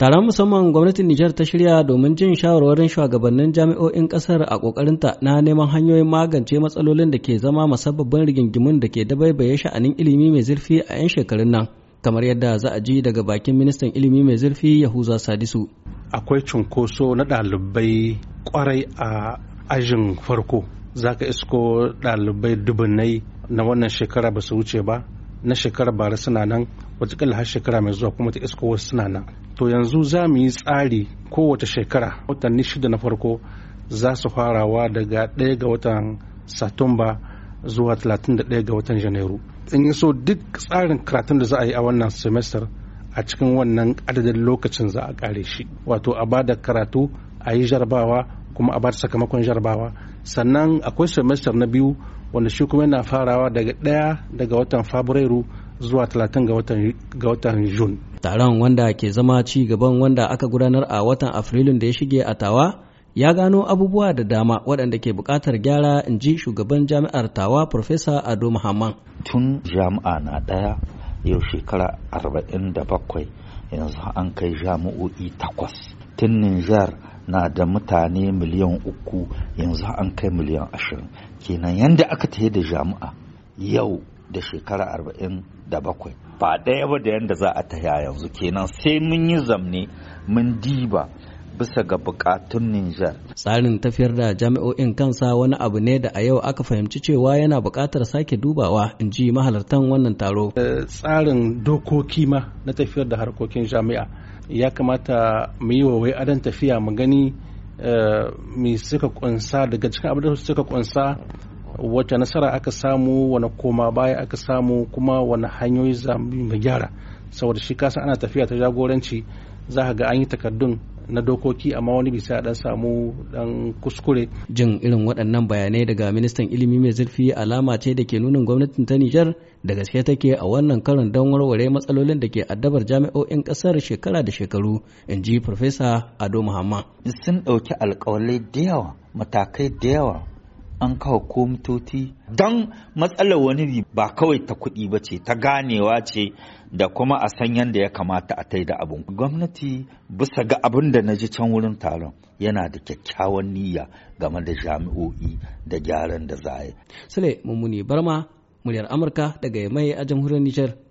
Taron musamman gwamnatin Nijar ta shirya domin jin shawarwarin shugabannin jami'o'in kasar a ta na neman hanyoyin magance matsalolin da ke zama musabbabin rigingimun da ke dabaibaye sha'anin ilimi mai zurfi a 'yan shekarun nan, kamar yadda za a ji daga bakin ministan ilimi mai zurfi Yahuza Sadisu. Akwai cunkoso na ɗalibai kwarai a ajin farko, za ka isko ɗalibai dubunai na wannan shekara ba su wuce ba, na shekarar bara suna nan watakila har shekara mai zuwa kuma ta isko wasu suna nan to yanzu za mu yi tsari kowace shekara watanni shida na farko za su farawa daga ɗaya ga watan satumba zuwa 31 ga watan janairu in so duk tsarin karatun da za a yi a wannan semester a cikin wannan adadin lokacin za a kare shi wato a bada karatu a yi jarabawa kuma a ba sakamakon jarabawa sannan akwai semester na biyu wanda shi kuma yana farawa daga ɗaya daga watan fabrairu zuwa 30 ga watan jun taron wanda ke zama ci gaban wanda aka gudanar a watan afrilun da ya shige a tawa ya gano abubuwa da dama waɗanda ke buƙatar gyara in ji shugaban jami'ar tawa profesa ado muhammad tun jami'a na ɗaya yau shekara 47 yanzu an kai jami'o'i takwas tun nijar na da mutane miliyan uku yanzu an kai miliyan ashirin kenan yadda aka ta da jami'a yau da shekara arba'in da bakwai ba ɗaya ba da yadda za a taya yanzu kenan sai mun yi zamne mun diba bisa ga bukatun Nijar. Tsarin tafiyar da jami'o'in kansa wani abu ne da a yau aka fahimci cewa yana bukatar sake dubawa in ji mahalartan wannan taro. Eh, tsarin dokoki ma na tafiyar da harkokin jami'a ya kamata mu yi wawai adon tafiya mu gani eh, mai suka kunsa daga cikin abin da suka kunsa wata nasara aka samu wani koma baya aka samu kuma wani hanyoyi za mu gyara saboda shi kasan ana tafiya ta jagoranci za ka ga an yi takardun na dokoki amma wani bisa dan samu dan kuskure jin irin waɗannan bayanai daga ministan ilimi mai zurfi alama ce da ke nunin gwamnatin ta Nijar da gaske take a wannan karin don warware matsalolin da ke addabar jami'o'in ƙasar shekara da shekaru in ji farfesa Ado Muhamma. sun ɗauki alƙawalai da yawa matakai da yawa an kawo komitoti don matsalar wani ba kawai ta kuɗi ba ce ta ganewa ce da kuma a san yadda ya kamata a taida abin. gwamnati bisa ga abin da na ji can wurin taron yana da kyakkyawan niyya game da jami'o'i da gyaran da za yi. Sule Mummuni Barma, muryar Amurka daga Mai a jamhuriyar Nijar.